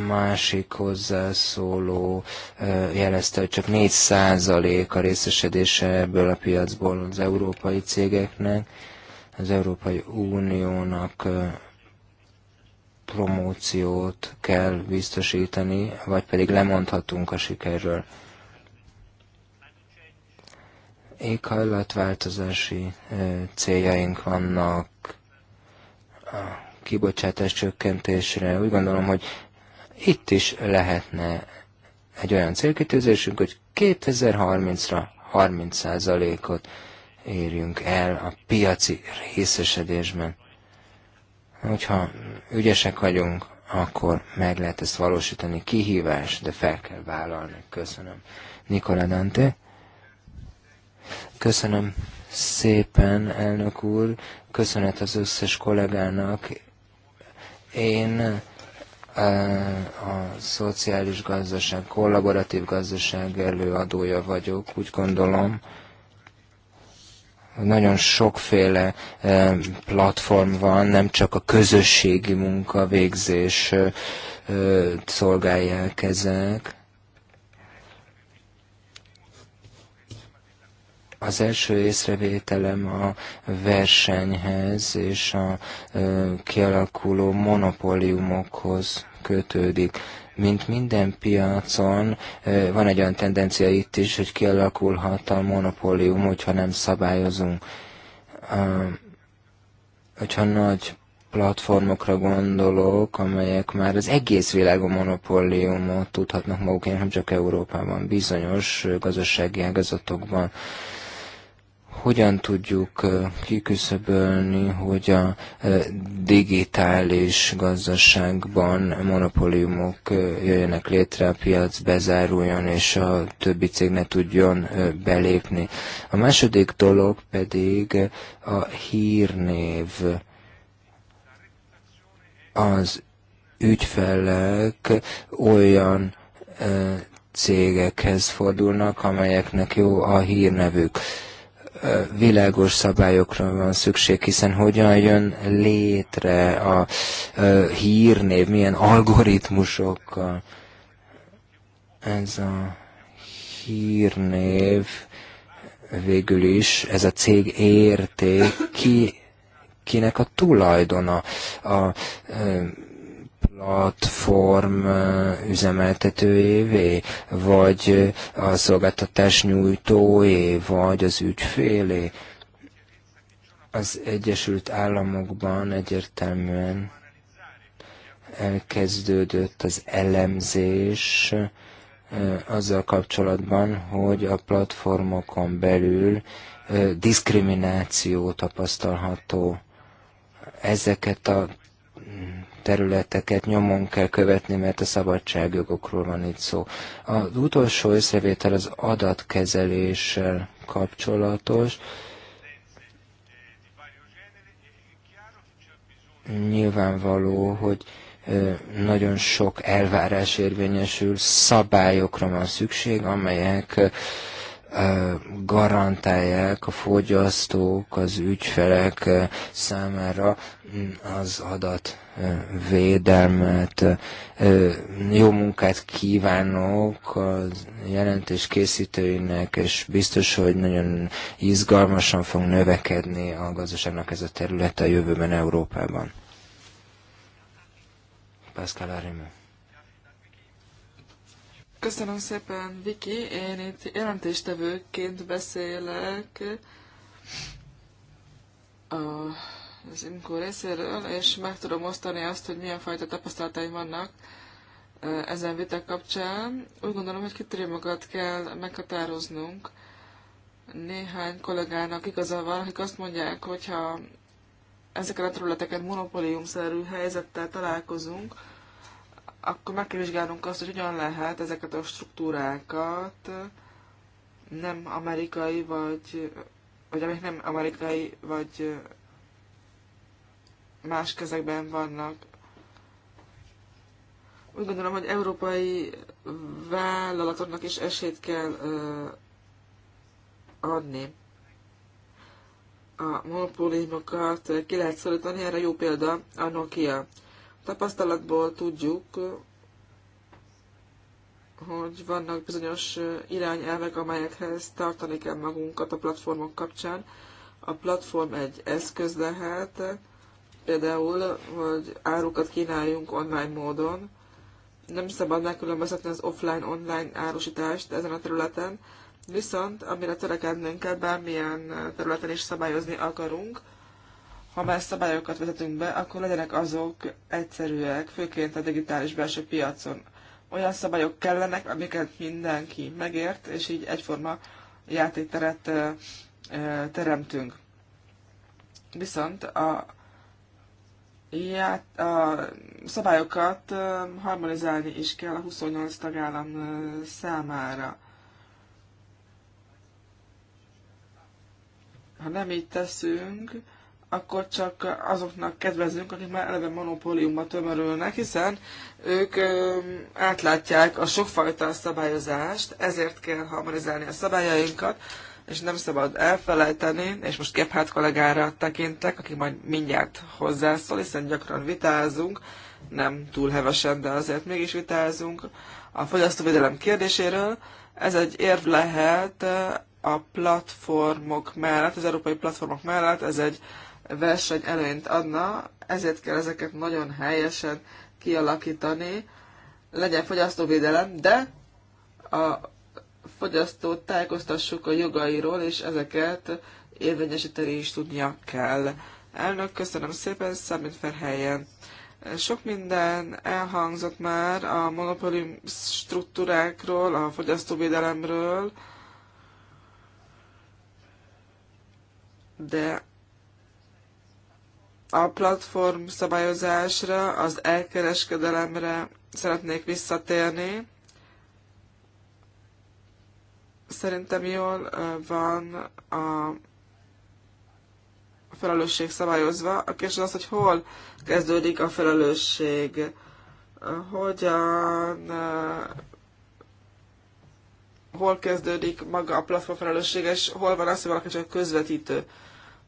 másik hozzászóló jelezte, hogy csak 4 százalék a részesedése ebből a piacból az európai cégeknek, az Európai Uniónak promóciót kell biztosítani, vagy pedig lemondhatunk a sikerről. Éghajlatváltozási céljaink vannak, a kibocsátás csökkentésre. Úgy gondolom, hogy itt is lehetne egy olyan célkitűzésünk, hogy 2030-ra 30%-ot érjünk el a piaci részesedésben. Hogyha ügyesek vagyunk, akkor meg lehet ezt valósítani. Kihívás, de fel kell vállalni. Köszönöm. Nikola Dante. Köszönöm szépen, elnök úr. Köszönet az összes kollégának. Én a szociális gazdaság, kollaboratív gazdaság előadója vagyok. Úgy gondolom, nagyon sokféle e, platform van, nem csak a közösségi munkavégzés e, e, szolgálják ezek, Az első észrevételem a versenyhez és a kialakuló monopóliumokhoz kötődik mint minden piacon, van egy olyan tendencia itt is, hogy kialakulhat a monopólium, hogyha nem szabályozunk. Hogyha nagy platformokra gondolok, amelyek már az egész világon monopóliumot tudhatnak magukért, nem csak Európában, bizonyos gazdasági ágazatokban hogyan tudjuk kiküszöbölni, hogy a digitális gazdaságban monopóliumok jöjjenek létre, a piac bezáruljon, és a többi cég ne tudjon belépni. A második dolog pedig a hírnév. Az ügyfelek olyan cégekhez fordulnak, amelyeknek jó a hírnevük világos szabályokra van szükség, hiszen hogyan jön létre a hírnév, milyen algoritmusokkal. Ez a hírnév végül is, ez a cég érték, ki, kinek a tulajdona a, a platform üzemeltetőjévé, vagy a szolgáltatás nyújtóé, vagy az ügyfélé. Az Egyesült Államokban egyértelműen elkezdődött az elemzés azzal kapcsolatban, hogy a platformokon belül diszkrimináció tapasztalható ezeket a területeket nyomon kell követni, mert a szabadságjogokról van itt szó. Az utolsó összevétel az adatkezeléssel kapcsolatos. Nyilvánvaló, hogy nagyon sok elvárás érvényesül, szabályokra van szükség, amelyek garantálják a fogyasztók, az ügyfelek számára mm, az adat védelmet. Jó munkát kívánok a jelentés készítőinek, és biztos, hogy nagyon izgalmasan fog növekedni a gazdaságnak ez a területe a jövőben Európában. Pascal Arimé. Köszönöm szépen, Viki. Én itt jelentéstevőként beszélek az IMCO részéről, és meg tudom osztani azt, hogy milyen fajta tapasztalataim vannak ezen vita kapcsán. Úgy gondolom, hogy kritériumokat kell meghatároznunk. Néhány kollégának igaza van, akik azt mondják, hogyha ezeken a területeken monopóliumszerű helyzettel találkozunk, akkor meg kell vizsgálnunk azt, hogy hogyan lehet ezeket a struktúrákat nem amerikai, vagy, vagy amik nem amerikai, vagy más kezekben vannak. Úgy gondolom, hogy európai vállalatoknak is esélyt kell adni. A monopóliumokat ki lehet szorítani, erre jó példa a Nokia tapasztalatból tudjuk, hogy vannak bizonyos irányelvek, amelyekhez tartani kell magunkat a platformok kapcsán. A platform egy eszköz lehet, például, hogy árukat kínáljunk online módon. Nem szabad megkülönböztetni az offline-online árusítást ezen a területen, viszont amire törekednünk kell, bármilyen területen is szabályozni akarunk, ha már szabályokat vezetünk be, akkor legyenek azok egyszerűek, főként a digitális belső piacon. Olyan szabályok kellenek, amiket mindenki megért, és így egyforma játékteret teremtünk. Viszont a, ját, a szabályokat harmonizálni is kell a 28 tagállam számára. Ha nem így teszünk, akkor csak azoknak kedvezünk, akik már eleve monopóliumba tömörülnek, hiszen ők ö, átlátják a sokfajta szabályozást, ezért kell harmonizálni a szabályainkat, és nem szabad elfelejteni, és most Gebhardt kollégára tekintek, aki majd mindjárt hozzászól, hiszen gyakran vitázunk, nem túl hevesen, de azért mégis vitázunk a fogyasztóvédelem kérdéséről. Ez egy érv lehet a platformok mellett, az európai platformok mellett, ez egy verseny előnyt adna, ezért kell ezeket nagyon helyesen kialakítani, legyen fogyasztóvédelem, de a fogyasztót tájékoztassuk a jogairól, és ezeket érvényesíteni is tudnia kell. Elnök, köszönöm szépen, Szabin Ferhelyen. Sok minden elhangzott már a monopólium struktúrákról, a fogyasztóvédelemről, de a platform szabályozásra, az elkereskedelemre szeretnék visszatérni. Szerintem jól van a felelősség szabályozva. A kérdés az, hogy hol kezdődik a felelősség, hogyan, hol kezdődik maga a platform felelősség, és hol van az, hogy valaki csak közvetítő.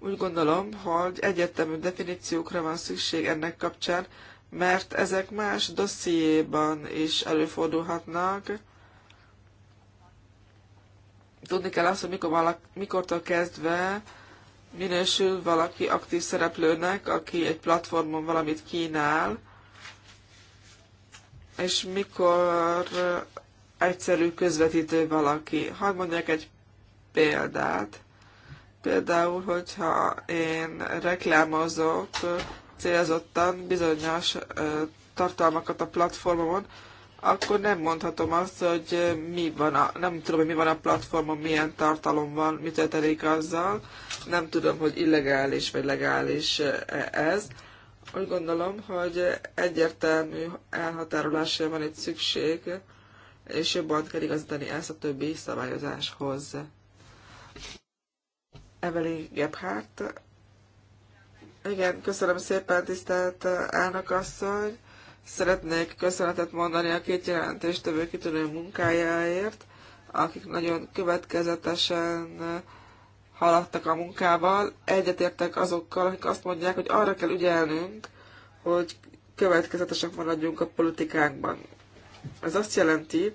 Úgy gondolom, hogy egyetemű definíciókra van szükség ennek kapcsán, mert ezek más dossziéban is előfordulhatnak. Tudni kell azt, hogy mikor valak, mikortól kezdve minősül valaki aktív szereplőnek, aki egy platformon valamit kínál, és mikor egyszerű közvetítő valaki. Hadd mondjak egy példát. Például, hogyha én reklámozok célzottan bizonyos tartalmakat a platformomon, akkor nem mondhatom azt, hogy mi van a, nem tudom, hogy mi van a platformon, milyen tartalom van, mi történik azzal. Nem tudom, hogy illegális vagy legális ez. Úgy gondolom, hogy egyértelmű elhatárolásra van itt szükség, és jobban kell igazítani ezt a többi szabályozáshoz. Evelyn Gebhardt. Igen, köszönöm szépen, tisztelt eh, elnök asszony. Szeretnék köszönetet mondani a két jelentéstevő kitűnő munkájáért, akik nagyon következetesen eh, haladtak a munkával. Egyetértek azokkal, akik azt mondják, hogy arra kell ügyelnünk, hogy következetesek maradjunk a politikánkban. Ez azt jelenti,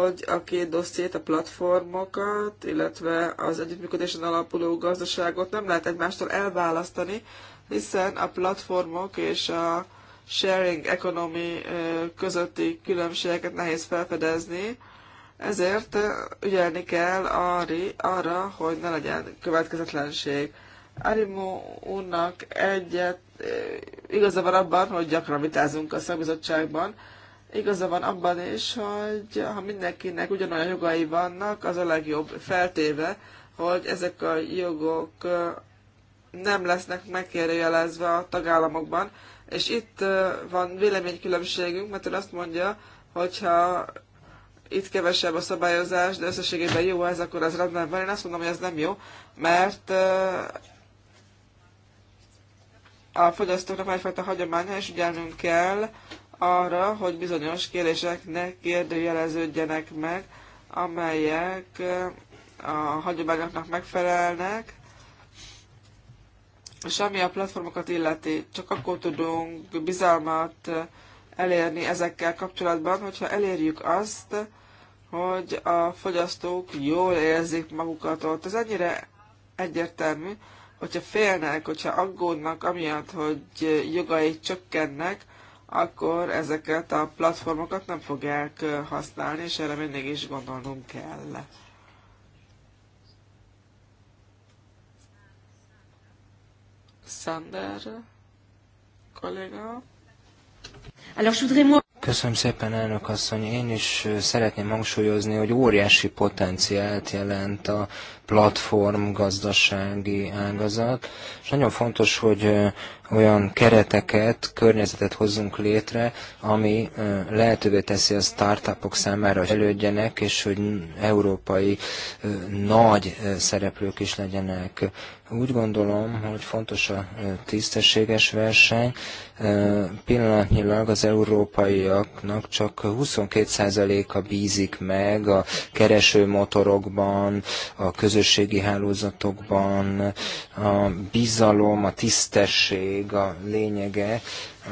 hogy a két dossziét, a platformokat, illetve az együttműködésen alapuló gazdaságot nem lehet egymástól elválasztani, hiszen a platformok és a sharing economy közötti különbségeket nehéz felfedezni, ezért ügyelni kell arra, hogy ne legyen következetlenség. Arimo úrnak egyet igaza van abban, hogy gyakran vitázunk a szakbizottságban, Igaza van abban is, hogy ha mindenkinek ugyanolyan jogai vannak, az a legjobb feltéve, hogy ezek a jogok nem lesznek megkérdőjelezve a tagállamokban. És itt van véleménykülönbségünk, mert ő azt mondja, hogyha itt kevesebb a szabályozás, de összességében jó ez, akkor ez rendben van. Én azt mondom, hogy ez nem jó, mert a fogyasztóknak egyfajta hagyománya, és ugyanunk kell arra, hogy bizonyos kérdések ne kérdőjeleződjenek meg, amelyek eh, a hagyományoknak megfelelnek, és ami a platformokat illeti, csak akkor tudunk bizalmat eh, elérni ezekkel kapcsolatban, hogyha elérjük azt, hogy a fogyasztók jól érzik magukat ott. Ez ennyire egyértelmű, hogyha félnek, hogyha aggódnak amiatt, hogy jogai csökkennek, akkor ezeket a platformokat nem fogják használni, és erre mindig is gondolnunk kell. Sander kolléga. Alors, je voudrais Köszönöm szépen, elnök asszony. Én is szeretném hangsúlyozni, hogy óriási potenciált jelent a platform gazdasági ágazat, és nagyon fontos, hogy olyan kereteket, környezetet hozzunk létre, ami lehetővé teszi a startupok számára, hogy elődjenek, és hogy európai nagy szereplők is legyenek. Úgy gondolom, hogy fontos a tisztességes verseny. Pillanatnyilag az európaiaknak csak 22%-a bízik meg a keresőmotorokban, a közösségekben, közösségi hálózatokban a bizalom, a tisztesség a lényege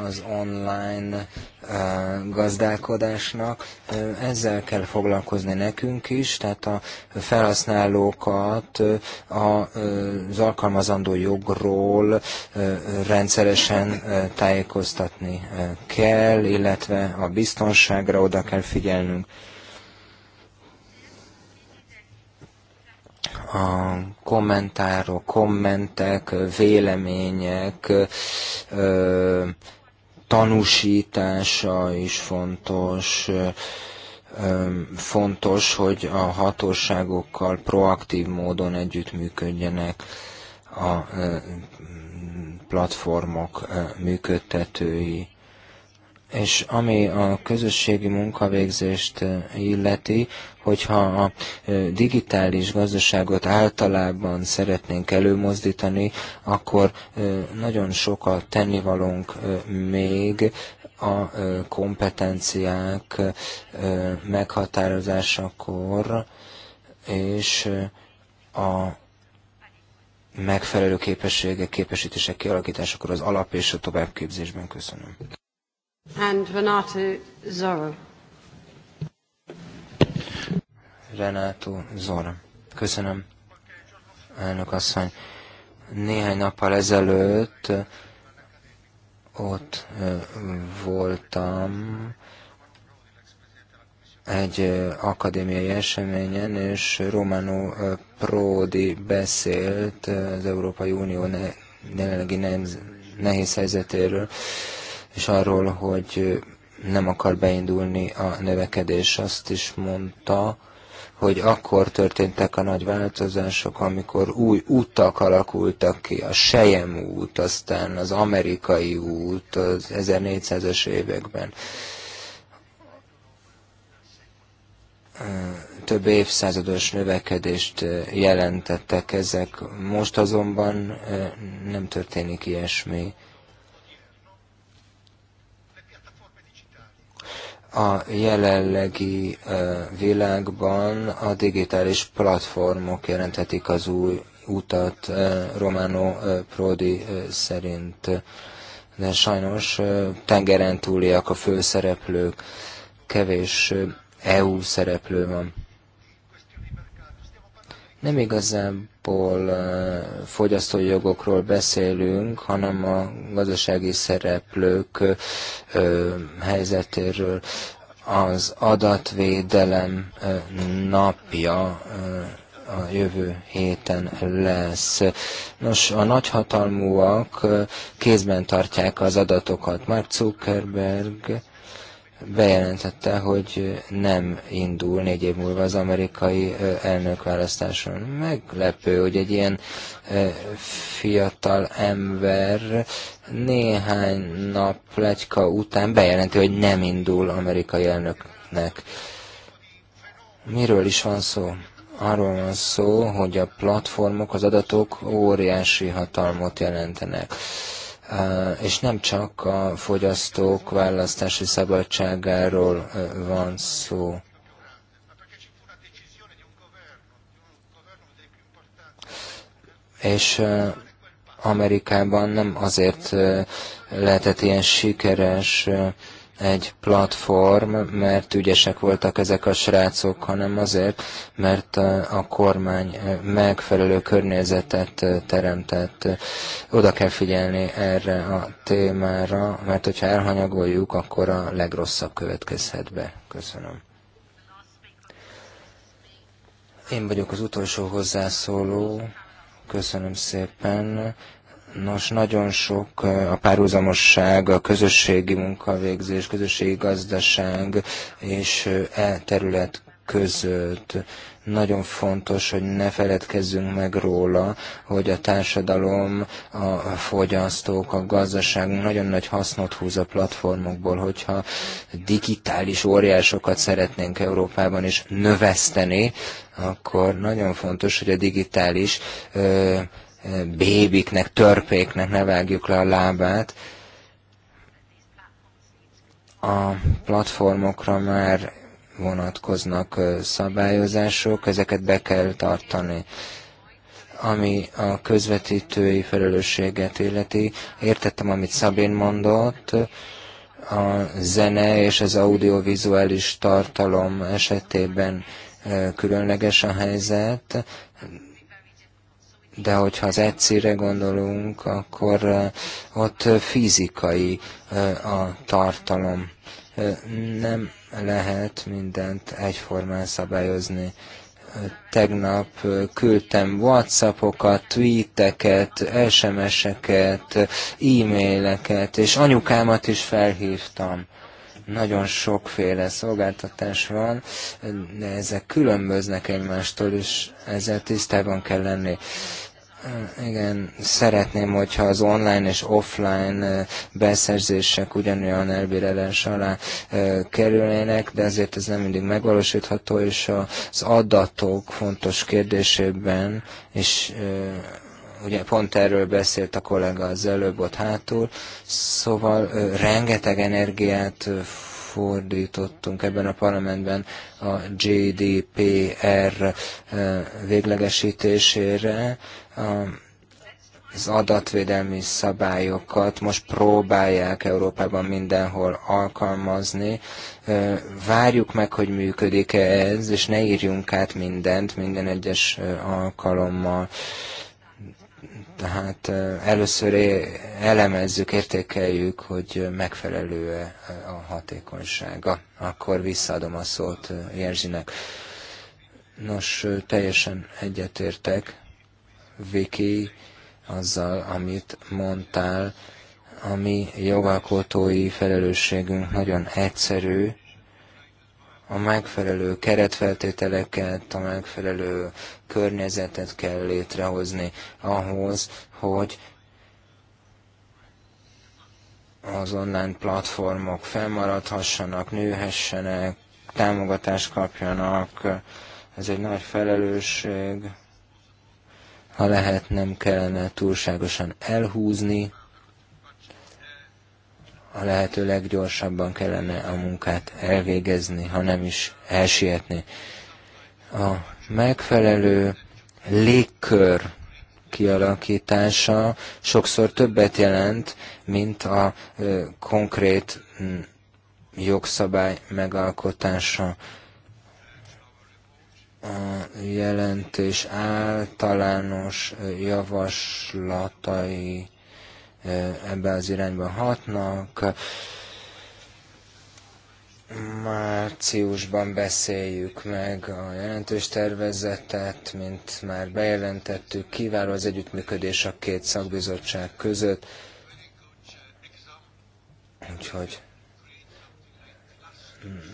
az online eh, gazdálkodásnak. Eh, ezzel kell foglalkozni nekünk is, tehát a felhasználókat eh, az alkalmazandó jogról rendszeresen tájékoztatni kell, illetve a biztonságra oda kell figyelnünk. a kommentárok, kommentek, vélemények, tanúsítása is fontos, fontos, hogy a hatóságokkal proaktív módon együttműködjenek a platformok működtetői és ami a közösségi munkavégzést illeti, hogyha a digitális gazdaságot általában szeretnénk előmozdítani, akkor nagyon sok a tennivalónk még a kompetenciák meghatározásakor, és a megfelelő képességek, képesítések kialakításakor az alap és a továbbképzésben köszönöm. And Renato Zora. Renato Zora. Köszönöm, elnök asszony. Néhány nappal ezelőtt ott voltam egy akadémiai eseményen, és Romano Prodi beszélt az Európai Unió jelenlegi nehéz helyzetéről és arról, hogy nem akar beindulni a növekedés. Azt is mondta, hogy akkor történtek a nagy változások, amikor új utak alakultak ki, a Sejem út, aztán az amerikai út az 1400-es években. Több évszázados növekedést jelentettek ezek. Most azonban eh, nem történik ilyesmi. a jelenlegi világban a digitális platformok jelenthetik az új utat Romano Prodi szerint. De sajnos tengeren túliak a főszereplők, kevés EU szereplő van. Nem igazán alapból, fogyasztói jogokról beszélünk, hanem a gazdasági szereplők helyzetéről. Az adatvédelem napja a jövő héten lesz. Nos, a nagyhatalmúak kézben tartják az adatokat. Mark Zuckerberg bejelentette, hogy nem indul négy év múlva az amerikai elnökválasztáson. Meglepő, hogy egy ilyen fiatal ember néhány nap legyka után bejelenti, hogy nem indul amerikai elnöknek. Miről is van szó? Arról van szó, hogy a platformok, az adatok óriási hatalmat jelentenek és nem csak a fogyasztók választási szabadságáról van szó. És Amerikában nem azért lehetett ilyen sikeres egy platform, mert ügyesek voltak ezek a srácok, hanem azért, mert a kormány eh, megfelelő környezetet eh, teremtett. Oda kell figyelni erre a témára, mert hogyha elhanyagoljuk, akkor a legrosszabb következhet be. Köszönöm. Én vagyok az utolsó hozzászóló. Köszönöm szépen. Nos, nagyon sok a párhuzamosság, a közösségi munkavégzés, közösségi gazdaság és e terület között. Nagyon fontos, hogy ne feledkezzünk meg róla, hogy a társadalom, a fogyasztók, a gazdaság nagyon nagy hasznot húz a platformokból, hogyha digitális óriásokat szeretnénk Európában is növeszteni, akkor nagyon fontos, hogy a digitális ö, bébiknek, törpéknek ne vágjuk le a lábát. A platformokra már vonatkoznak szabályozások, ezeket be kell tartani ami a közvetítői felelősséget illeti. Értettem, amit Szabén mondott, a zene és az audiovizuális tartalom esetében különleges a helyzet, de hogyha az egyszerre gondolunk, akkor eh, ott fizikai eh, a tartalom. Eh, nem lehet mindent egyformán szabályozni. Tegnap küldtem Whatsappokat, tweeteket, SMS-eket, e-maileket, és anyukámat is felhívtam nagyon sokféle szolgáltatás van, de ezek különböznek egymástól, és ezzel tisztában kell lenni. Igen, szeretném, hogyha az online és offline beszerzések ugyanolyan elbírálás alá kerülnének, de azért ez nem mindig megvalósítható, és az adatok fontos kérdésében is ugye pont erről beszélt a kollega az előbb ott hátul, szóval rengeteg energiát fordítottunk ebben a parlamentben a GDPR véglegesítésére. Az adatvédelmi szabályokat most próbálják Európában mindenhol alkalmazni. Várjuk meg, hogy működik-e ez, és ne írjunk át mindent minden egyes alkalommal. Tehát először elemezzük, értékeljük, hogy megfelelő-e a hatékonysága. Akkor visszaadom a szót Jerzsinek. Nos, teljesen egyetértek, Viki, azzal, amit mondtál. A mi jogalkotói felelősségünk nagyon egyszerű, a megfelelő keretfeltételeket, a megfelelő környezetet kell létrehozni ahhoz, hogy az online platformok felmaradhassanak, nőhessenek, támogatást kapjanak. Ez egy nagy felelősség. Ha lehet, nem kellene túlságosan elhúzni a lehető leggyorsabban kellene a munkát elvégezni, ha nem is elsietni. A megfelelő légkör kialakítása sokszor többet jelent, mint a ö, konkrét jogszabály megalkotása. A jelentés általános javaslatai E, ebbe az irányba hatnak. Márciusban beszéljük meg a jelentős tervezetet, mint már bejelentettük, kiváló az együttműködés a két szakbizottság között. Úgyhogy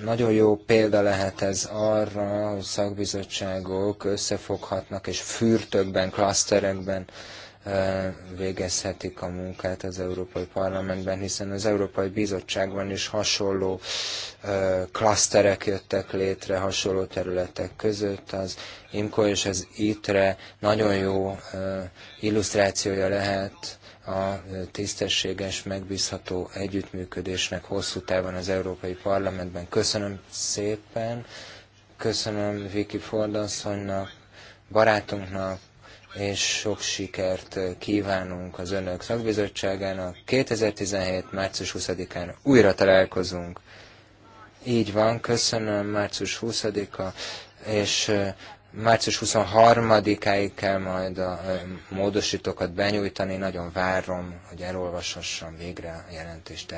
nagyon jó példa lehet ez arra, hogy szakbizottságok összefoghatnak és fürtökben, klaszterekben végezhetik a munkát az Európai Parlamentben, hiszen az Európai Bizottságban is hasonló klaszterek jöttek létre hasonló területek között. Az IMCO és az ITRE nagyon jó illusztrációja lehet a tisztességes, megbízható együttműködésnek hosszú távon az Európai Parlamentben. Köszönöm szépen, köszönöm Viki Ford asszonynak, barátunknak, és sok sikert kívánunk az Önök szakbizottságának. 2017. március 20-án újra találkozunk. Így van, köszönöm, március 20-a, és március 23-áig kell majd a módosítókat benyújtani. Nagyon várom, hogy elolvashassam végre a jelentést.